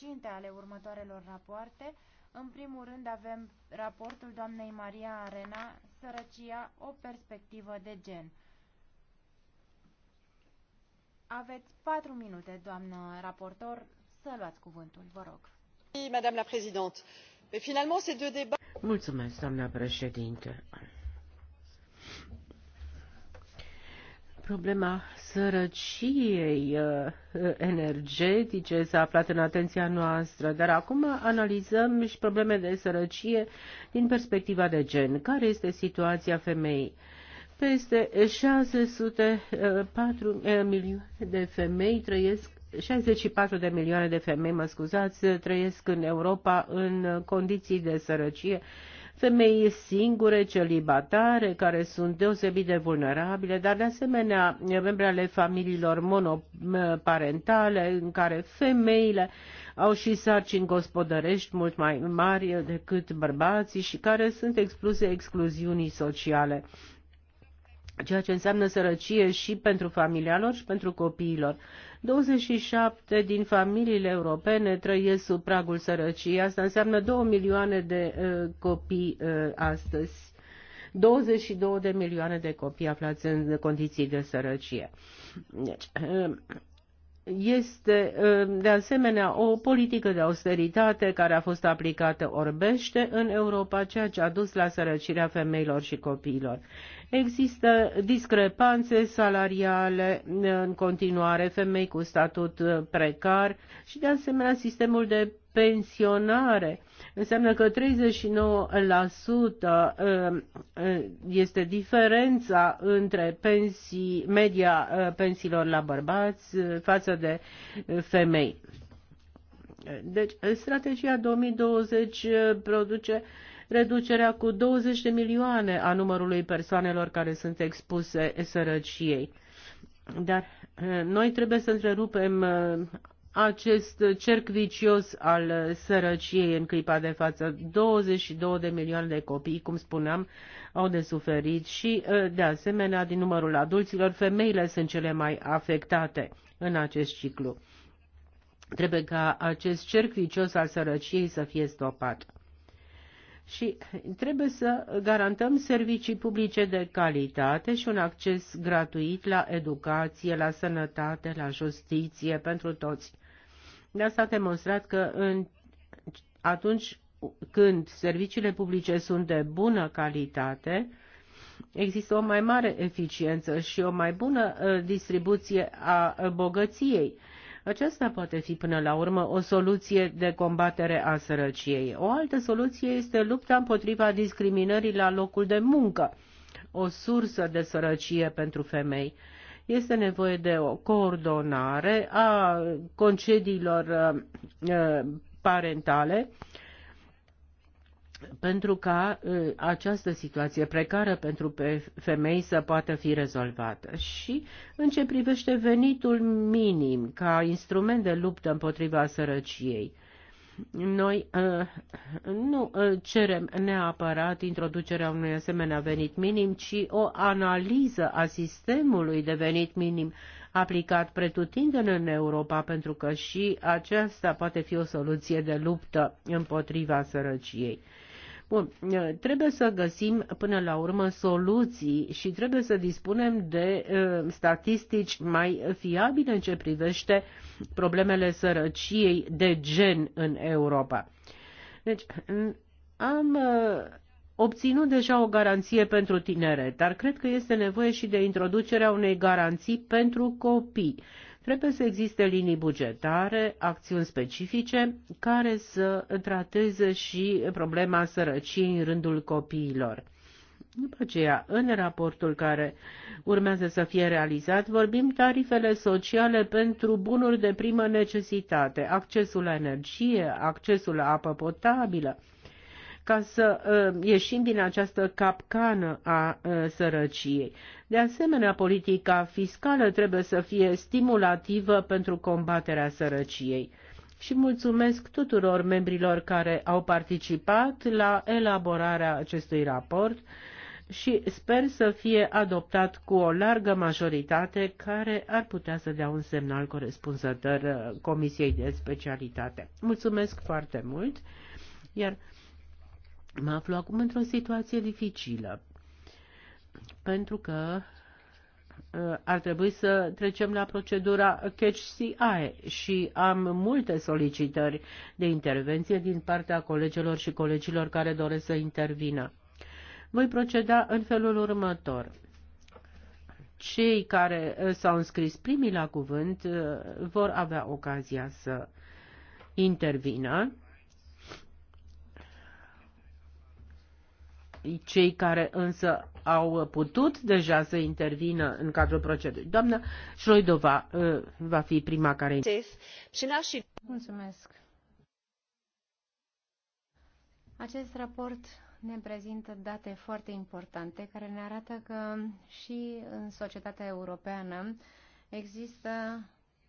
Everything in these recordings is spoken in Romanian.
succinte ale următoarelor rapoarte. În primul rând avem raportul doamnei Maria Arena, Sărăcia, o perspectivă de gen. Aveți patru minute, doamnă raportor, să luați cuvântul, vă rog. Mulțumesc, doamna președinte. Problema sărăciei uh, energetice s-a aflat în atenția noastră, dar acum analizăm și probleme de sărăcie din perspectiva de gen. Care este situația femeii? Peste 604 uh, uh, milioane de femei trăiesc 64 de milioane de femei, mă scuzați, trăiesc în Europa în condiții de sărăcie femei singure, celibatare, care sunt deosebit de vulnerabile, dar de asemenea membre ale familiilor monoparentale, în care femeile au și sarcini gospodărești mult mai mari decât bărbații și care sunt expuse excluziunii sociale ceea ce înseamnă sărăcie și pentru familia lor și pentru copiilor. 27 din familiile europene trăiesc sub pragul sărăciei. Asta înseamnă 2 milioane de uh, copii uh, astăzi. 22 de milioane de copii aflați în condiții de sărăcie. Deci, uh, este uh, de asemenea o politică de austeritate care a fost aplicată orbește în Europa, ceea ce a dus la sărăcirea femeilor și copiilor. Există discrepanțe salariale uh, în continuare, femei cu statut uh, precar și de asemenea sistemul de pensionare. Înseamnă că 39% um, este diferența între pensii, media uh, pensiilor la bărbați uh, față de uh, femei. Deci, strategia 2020 produce reducerea cu 20 de milioane a numărului persoanelor care sunt expuse sărăciei. Dar noi trebuie să întrerupem acest cerc vicios al sărăciei în clipa de față. 22 de milioane de copii, cum spuneam, au de suferit și, ă, de asemenea, din numărul adulților, femeile sunt cele mai afectate în acest ciclu. Trebuie ca acest cerc vicios al sărăciei să fie stopat și trebuie să garantăm servicii publice de calitate și un acces gratuit la educație, la sănătate, la justiție pentru toți. De asta a demonstrat că în, atunci când serviciile publice sunt de bună calitate, există o mai mare eficiență și o mai bună uh, distribuție a uh, bogăției aceasta poate fi până la urmă o soluție de combatere a sărăciei. O altă soluție este lupta împotriva discriminării la locul de muncă, o sursă de sărăcie pentru femei. Este nevoie de o coordonare a concediilor uh, uh, parentale pentru ca ă, această situație precară pentru femei să poată fi rezolvată. Și în ce privește venitul minim ca instrument de luptă împotriva sărăciei, noi ă, nu ă, cerem neapărat introducerea unui asemenea venit minim, ci o analiză a sistemului de venit minim aplicat pretutindeni în Europa, pentru că și aceasta poate fi o soluție de luptă împotriva sărăciei. Bun, eh, trebuie să găsim până la urmă soluții și trebuie să dispunem de uh, statistici mai fiabile în ce privește problemele sărăciei de gen în Europa. Deci, mm, am uh, obținut deja o garanție pentru tinere, dar cred că este nevoie și de introducerea unei garanții pentru copii. Trebuie să existe linii bugetare, acțiuni specifice care să trateze și problema sărăciei în rândul copiilor. După aceea, în raportul care urmează să fie realizat, vorbim tarifele sociale pentru bunuri de primă necesitate, accesul la energie, accesul la apă potabilă, ca să uh, ieșim din această capcană a uh, sărăciei. De asemenea, politica fiscală trebuie să fie stimulativă pentru combaterea sărăciei. Și mulțumesc tuturor membrilor care au participat la elaborarea acestui raport și sper să fie adoptat cu o largă majoritate care ar putea să dea un semnal corespunzător uh, Comisiei de Specialitate. Mulțumesc foarte mult! Iar Mă aflu acum într-o situație dificilă, pentru că uh, ar trebui să trecem la procedura CHCI și am multe solicitări de intervenție din partea colegilor și colegilor care doresc să intervină. Voi proceda în felul următor. Cei care uh, s-au înscris primii la cuvânt uh, vor avea ocazia să intervină cei care însă au putut deja să intervină în cadrul procedurii. Doamna Șroidova uh, va fi prima care... Mulțumesc. Acest raport ne prezintă date foarte importante care ne arată că și în societatea europeană există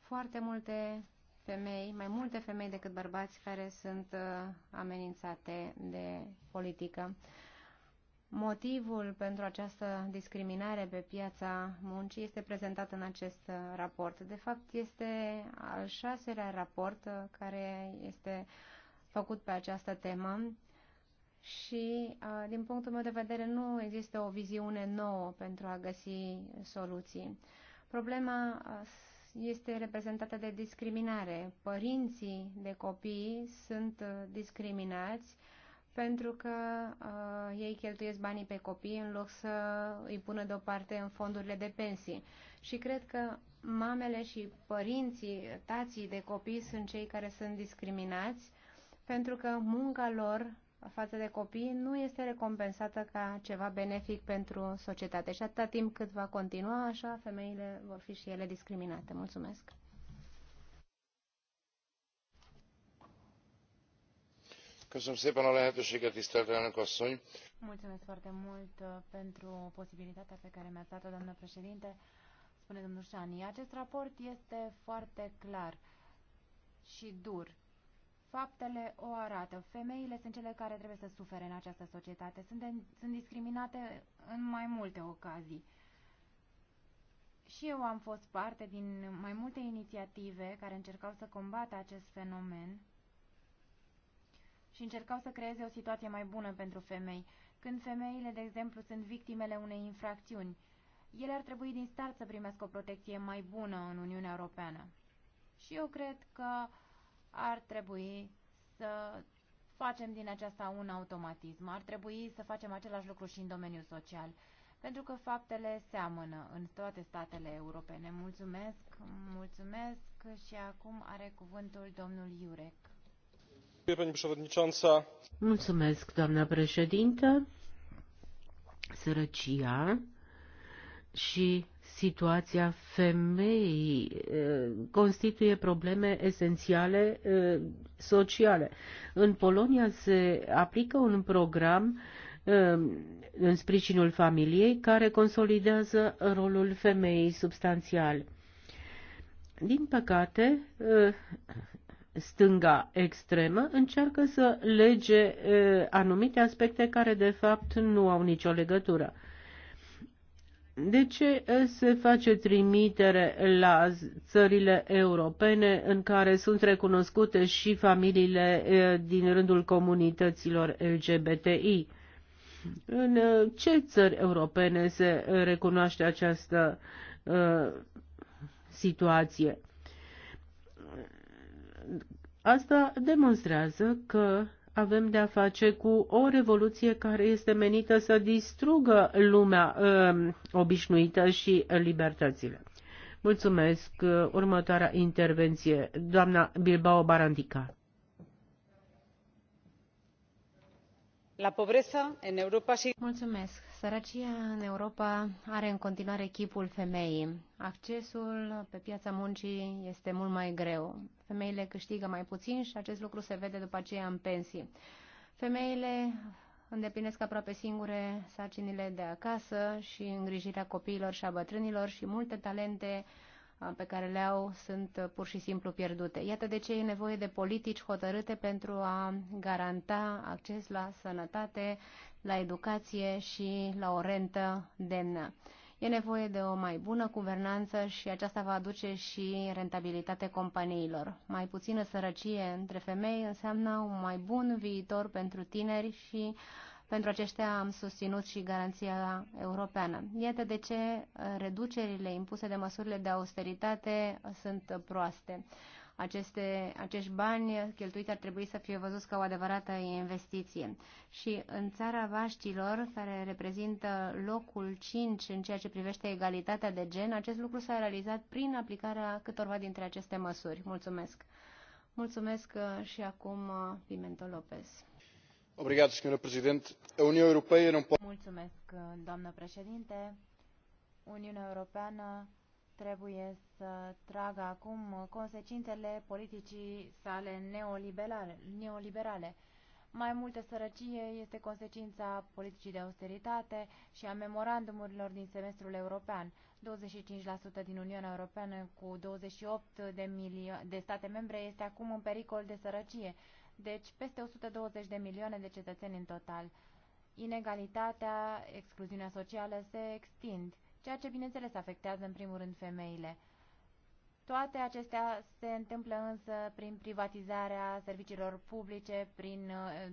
foarte multe femei, mai multe femei decât bărbați care sunt uh, amenințate de politică. Motivul pentru această discriminare pe piața muncii este prezentat în acest raport. De fapt, este al șaselea raport care este făcut pe această temă și, din punctul meu de vedere, nu există o viziune nouă pentru a găsi soluții. Problema este reprezentată de discriminare. Părinții de copii sunt discriminați pentru că uh, ei cheltuiesc banii pe copii în loc să îi pună deoparte în fondurile de pensii. Și cred că mamele și părinții, tații de copii sunt cei care sunt discriminați pentru că munca lor față de copii nu este recompensată ca ceva benefic pentru societate. Și atâta timp cât va continua așa, femeile vor fi și ele discriminate. Mulțumesc! Mulțumesc foarte mult uh, pentru posibilitatea pe care mi-ați dat-o, doamnă președinte. Spune domnul Șani, acest raport este foarte clar și dur. Faptele o arată. Femeile sunt cele care trebuie să sufere în această societate. Sunt, de, sunt discriminate în mai multe ocazii. Și eu am fost parte din mai multe inițiative care încercau să combată acest fenomen și încercau să creeze o situație mai bună pentru femei, când femeile, de exemplu, sunt victimele unei infracțiuni. Ele ar trebui din start să primească o protecție mai bună în Uniunea Europeană. Și eu cred că ar trebui să facem din aceasta un automatism. Ar trebui să facem același lucru și în domeniul social, pentru că faptele seamănă în toate statele europene. Mulțumesc, mulțumesc și acum are cuvântul domnul Iurec. Mulțumesc, doamna președintă. Sărăcia și situația femeii constituie probleme esențiale sociale. În Polonia se aplică un program în sprijinul familiei care consolidează rolul femeii substanțial. Din păcate, stânga extremă încearcă să lege anumite aspecte care de fapt nu au nicio legătură. De ce se face trimitere la țările europene în care sunt recunoscute și familiile din rândul comunităților LGBTI? În ce țări europene se recunoaște această e, situație? Asta demonstrează că avem de-a face cu o revoluție care este menită să distrugă lumea uh, obișnuită și libertățile. Mulțumesc. Uh, următoarea intervenție, doamna Bilbao Barandica. La pobreza în Europa și... Mulțumesc. Sărăcia în Europa are în continuare chipul femeii. Accesul pe piața muncii este mult mai greu. Femeile câștigă mai puțin și acest lucru se vede după aceea în pensii. Femeile îndeplinesc aproape singure sarcinile de acasă și îngrijirea copiilor și a bătrânilor și multe talente uh, pe care le au sunt uh, pur și simplu pierdute. Iată de ce e nevoie de politici hotărâte pentru a garanta acces la sănătate, la educație și la o rentă demnă. E nevoie de o mai bună guvernanță și aceasta va aduce și rentabilitate companiilor. Mai puțină sărăcie între femei înseamnă un mai bun viitor pentru tineri și pentru aceștia am susținut și garanția europeană. Iată de ce reducerile impuse de măsurile de austeritate sunt proaste. Aceste, acești bani cheltuiți ar trebui să fie văzuți ca o adevărată investiție. Și în țara Vaștilor, care reprezintă locul 5 în ceea ce privește egalitatea de gen, acest lucru s-a realizat prin aplicarea câtorva dintre aceste măsuri. Mulțumesc! Mulțumesc uh, și acum uh, Pimento Lopez. Mulțumesc, uh, doamnă președinte. Uniunea Europeană trebuie să tragă acum consecințele politicii sale neoliberale. neoliberale. Mai multă sărăcie este consecința politicii de austeritate și a memorandumurilor din semestrul european. 25% din Uniunea Europeană cu 28 de, de state membre este acum în pericol de sărăcie, deci peste 120 de milioane de cetățeni în total. Inegalitatea, excluziunea socială se extind ceea ce, bineînțeles, afectează în primul rând femeile. Toate acestea se întâmplă însă prin privatizarea serviciilor publice, prin uh,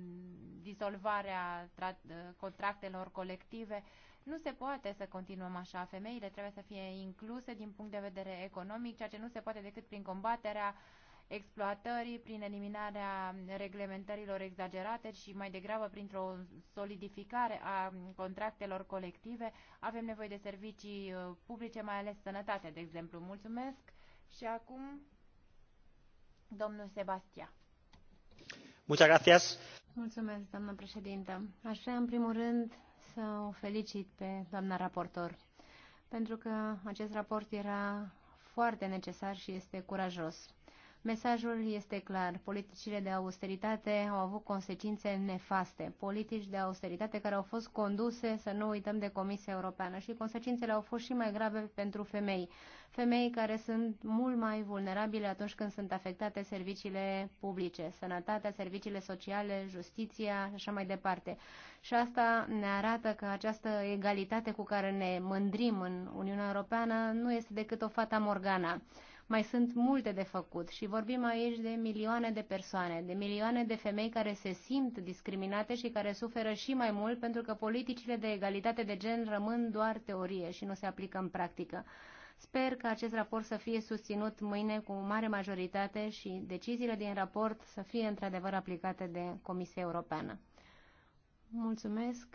disolvarea uh, contractelor colective. Nu se poate să continuăm așa. Femeile trebuie să fie incluse din punct de vedere economic, ceea ce nu se poate decât prin combaterea uh, exploatării, prin eliminarea reglementărilor exagerate și mai degrabă printr-o solidificare a contractelor colective. Avem nevoie de servicii uh, publice, mai ales sănătate, de exemplu. Mulțumesc și acum domnul Sebastian. Muchas gracias. Mulțumesc, doamnă președintă. Aș vrea, în primul rând, să o felicit pe doamna raportor, pentru că acest raport era foarte necesar și este curajos. Mesajul este clar. Politicile de austeritate au avut consecințe nefaste. Politici de austeritate care au fost conduse, să nu uităm, de Comisia Europeană și consecințele au fost și mai grave pentru femei. Femei care sunt mult mai vulnerabile atunci când sunt afectate serviciile publice, sănătatea, serviciile sociale, justiția și așa mai departe. Și asta ne arată că această egalitate cu care ne mândrim în Uniunea Europeană nu este decât o fata morgana mai sunt multe de făcut și vorbim aici de milioane de persoane, de milioane de femei care se simt discriminate și care suferă și mai mult pentru că politicile de egalitate de gen rămân doar teorie și nu se aplică în practică. Sper că acest raport să fie susținut mâine cu mare majoritate și deciziile din raport să fie într-adevăr aplicate de Comisia Europeană. Mulțumesc.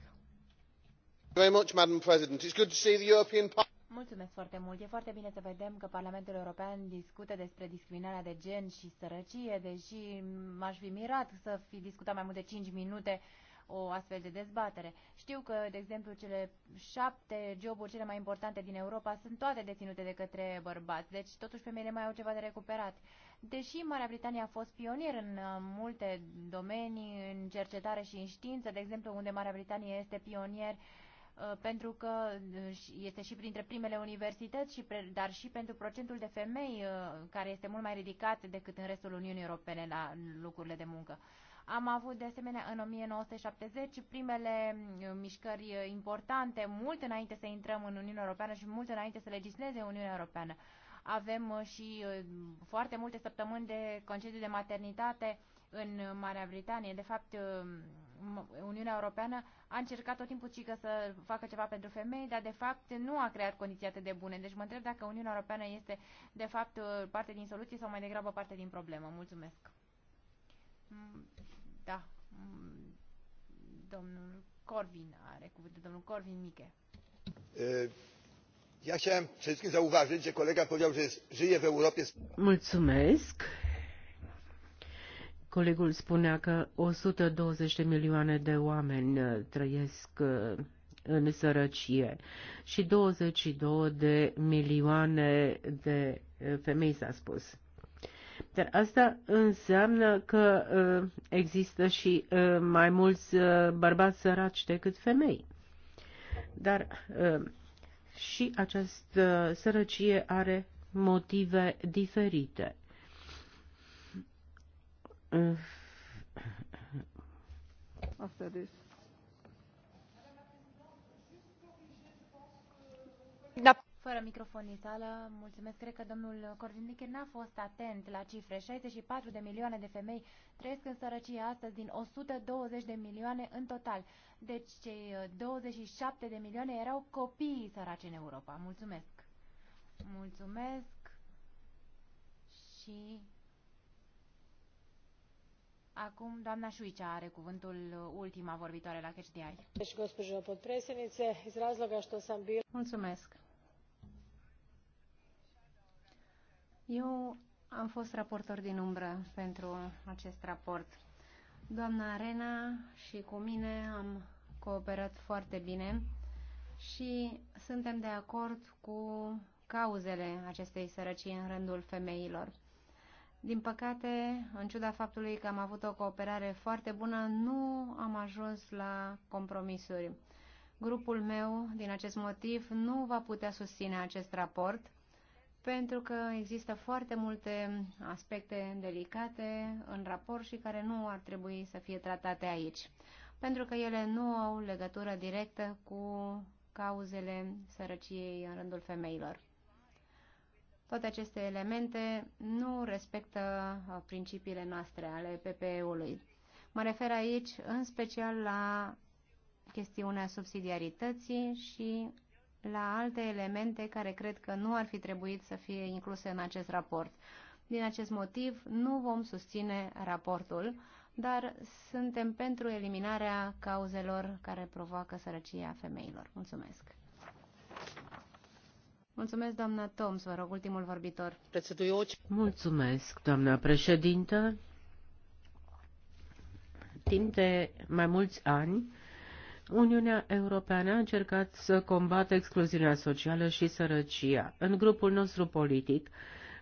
Very much, Madam President. It's good to see the European Mulțumesc foarte mult. E foarte bine să vedem că Parlamentul European discută despre discriminarea de gen și sărăcie, deși m-aș fi mirat să fi discutat mai mult de 5 minute o astfel de dezbatere. Știu că, de exemplu, cele șapte joburi cele mai importante din Europa sunt toate deținute de către bărbați, deci totuși femeile mai au ceva de recuperat. Deși Marea Britanie a fost pionier în uh, multe domenii, în cercetare și în știință, de exemplu, unde Marea Britanie este pionier Uh, pentru că uh, este și printre primele universități, și dar și pentru procentul de femei uh, care este mult mai ridicat decât în restul Uniunii Europene la locurile de muncă. Am avut de asemenea în 1970 primele mișcări importante, mult înainte să intrăm în Uniunea Europeană și mult înainte să legisleze Uniunea Europeană. Avem și foarte multe săptămâni de concediu de maternitate în Marea Britanie. De fapt, Uniunea Europeană a încercat tot timpul cică să facă ceva pentru femei, dar de fapt nu a creat condiții atât de bune. Deci mă întreb dacă Uniunea Europeană este de fapt parte din soluție sau mai degrabă parte din problemă. Mulțumesc. Mm, da. Mm, domnul Corvin are cuvântul. Domnul Corvin Miche. Ja chciałem wszystkim zauważyć, że kolega powiedział, że żyje w Europie. Mulțumesc. Colegul spunea că 120 de milioane de oameni uh, trăiesc uh, în sărăcie și 22 de milioane de uh, femei s-a spus. Dar asta înseamnă că există și mai mulți bărbați săraci decât femei. Dar și această sărăcie are motive diferite. After this. Da. Fără microfon din sală, mulțumesc. Cred că domnul Corvindicher n-a fost atent la cifre. 64 de milioane de femei trăiesc în sărăcie astăzi din 120 de milioane în total. Deci cei 27 uh, de milioane erau copiii săraci în Europa. Mulțumesc. Mulțumesc și Acum doamna Șuicea are cuvântul uh, ultima vorbitoare la HDI. Deci, Mulțumesc. Eu am fost raportor din umbră pentru acest raport. Doamna Arena și cu mine am cooperat foarte bine și suntem de acord cu cauzele acestei sărăcii în rândul femeilor. Din păcate, în ciuda faptului că am avut o cooperare foarte bună, nu am ajuns la compromisuri. Grupul meu, din acest motiv, nu va putea susține acest raport pentru că există foarte multe aspecte delicate în raport și care nu ar trebui să fie tratate aici, pentru că ele nu au legătură directă cu cauzele sărăciei în rândul femeilor. Toate aceste elemente nu respectă uh, principiile noastre ale PPE-ului. Mă refer aici în special la chestiunea subsidiarității și la alte elemente care cred că nu ar fi trebuit să fie incluse în acest raport. Din acest motiv, nu vom susține raportul, dar suntem pentru eliminarea cauzelor care provoacă sărăcia femeilor. Mulțumesc! Mulțumesc, doamna Toms, vă rog, ultimul vorbitor. Mulțumesc, doamna președintă. Timp de mai mulți ani, Uniunea Europeană a încercat să combată excluziunea socială și sărăcia. În grupul nostru politic,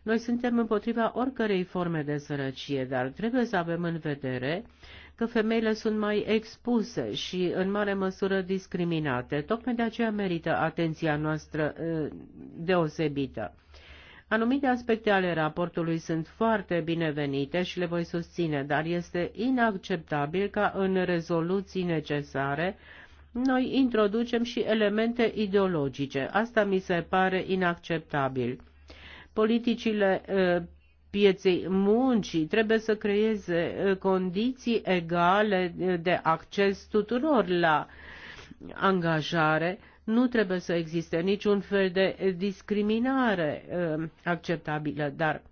noi suntem împotriva oricărei forme de sărăcie, dar trebuie să avem în vedere că femeile sunt mai expuse și în mare măsură discriminate. Tocmai de aceea merită atenția noastră ă, deosebită. Anumite aspecte ale raportului sunt foarte binevenite și le voi susține, dar este inacceptabil ca în rezoluții necesare noi introducem și elemente ideologice. Asta mi se pare inacceptabil. Politicile pieței muncii trebuie să creeze condiții egale de acces tuturor la angajare. Nu trebuie să existe niciun fel de discriminare acceptabilă, dar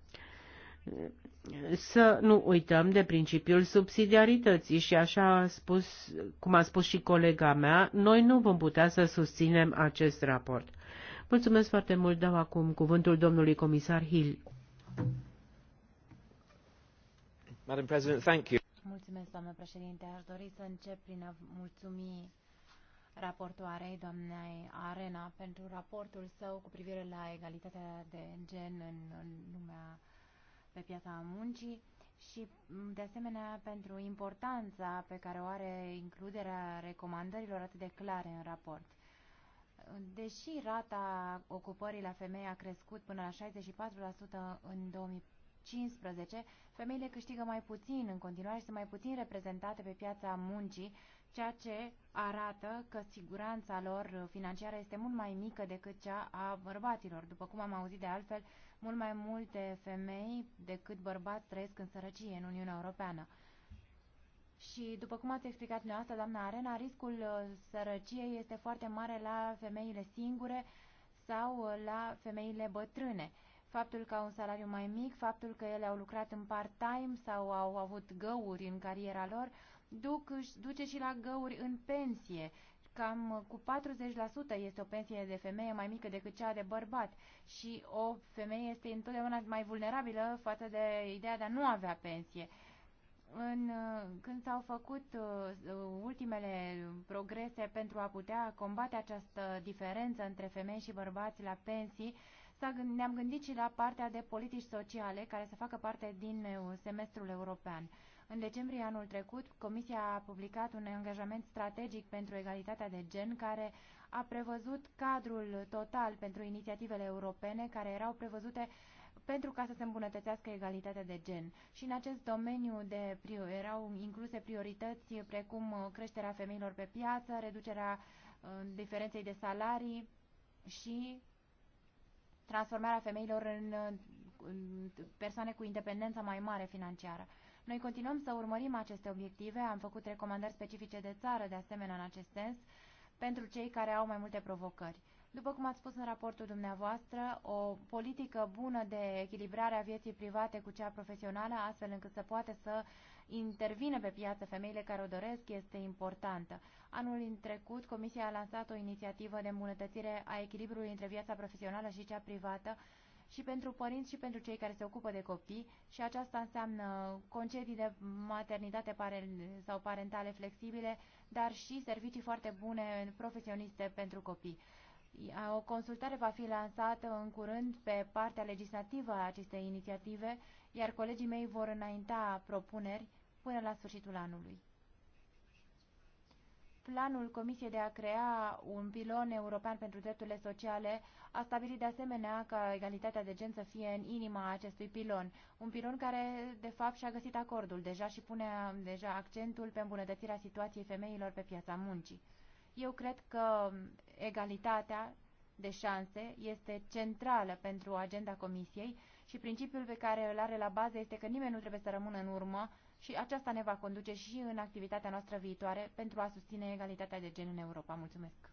să nu uităm de principiul subsidiarității și așa a spus, cum a spus și colega mea, noi nu vom putea să susținem acest raport. Mulțumesc foarte mult, dau acum cuvântul domnului comisar Hill. Madam President, thank you. Mulțumesc, doamnă președinte. Aș dori să încep prin a mulțumi raportoarei, doamnei Arena, pentru raportul său cu privire la egalitatea de gen în, în lumea pe piața muncii și, de asemenea, pentru importanța pe care o are includerea recomandărilor atât de clare în raport deși rata ocupării la femei a crescut până la 64% în 2015, femeile câștigă mai puțin în continuare și sunt mai puțin reprezentate pe piața muncii, ceea ce arată că siguranța lor financiară este mult mai mică decât cea a bărbaților. După cum am auzit de altfel, mult mai multe femei decât bărbați trăiesc în sărăcie în Uniunea Europeană. Și după cum ați explicat dumneavoastră, doamna Arena, riscul uh, sărăciei este foarte mare la femeile singure sau uh, la femeile bătrâne. Faptul că au un salariu mai mic, faptul că ele au lucrat în part-time sau au avut găuri în cariera lor, duc, duce și la găuri în pensie. Cam uh, cu 40% este o pensie de femeie mai mică decât cea de bărbat și o femeie este întotdeauna mai vulnerabilă față de ideea de a nu avea pensie în, când s-au făcut uh, ultimele progrese pentru a putea combate această diferență între femei și bărbați la pensii, ne-am gândit și la partea de politici sociale care să facă parte din uh, semestrul european. În decembrie anul trecut, Comisia a publicat un angajament strategic pentru egalitatea de gen care a prevăzut cadrul total pentru inițiativele europene care erau prevăzute uh, pentru ca să se îmbunătățească egalitatea de gen. Și în acest domeniu de erau incluse priorități precum uh, creșterea femeilor pe piață, reducerea uh, diferenței de salarii și transformarea femeilor în, uh, în persoane cu independență mai mare financiară. Noi continuăm să urmărim aceste obiective, am făcut recomandări specifice de țară de asemenea în acest sens pentru cei care au mai multe provocări. După cum ați spus în raportul dumneavoastră, o politică bună de echilibrare a vieții private cu cea profesională, astfel încât să poate să intervine pe piață femeile care o doresc, este importantă. Anul trecut, Comisia a lansat o inițiativă de îmbunătățire a echilibrului între viața profesională și cea privată, și pentru părinți și pentru cei care se ocupă de copii și aceasta înseamnă concedii de maternitate sau parentale flexibile, dar și servicii foarte bune profesioniste pentru copii. O consultare va fi lansată în curând pe partea legislativă a acestei inițiative, iar colegii mei vor înainta propuneri până la sfârșitul anului. Planul Comisiei de a crea un pilon european pentru drepturile sociale a stabilit de asemenea ca egalitatea de gen să fie în inima acestui pilon, un pilon care de fapt și-a găsit acordul deja și pune deja accentul pe îmbunătățirea situației femeilor pe piața muncii. Eu cred că egalitatea de șanse este centrală pentru agenda Comisiei și principiul pe care îl are la bază este că nimeni nu trebuie să rămână în urmă și aceasta ne va conduce și în activitatea noastră viitoare pentru a susține egalitatea de gen în Europa. Mulțumesc!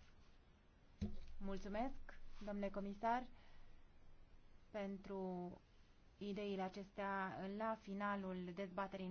Mulțumesc, domnule comisar, pentru ideile acestea la finalul dezbaterii.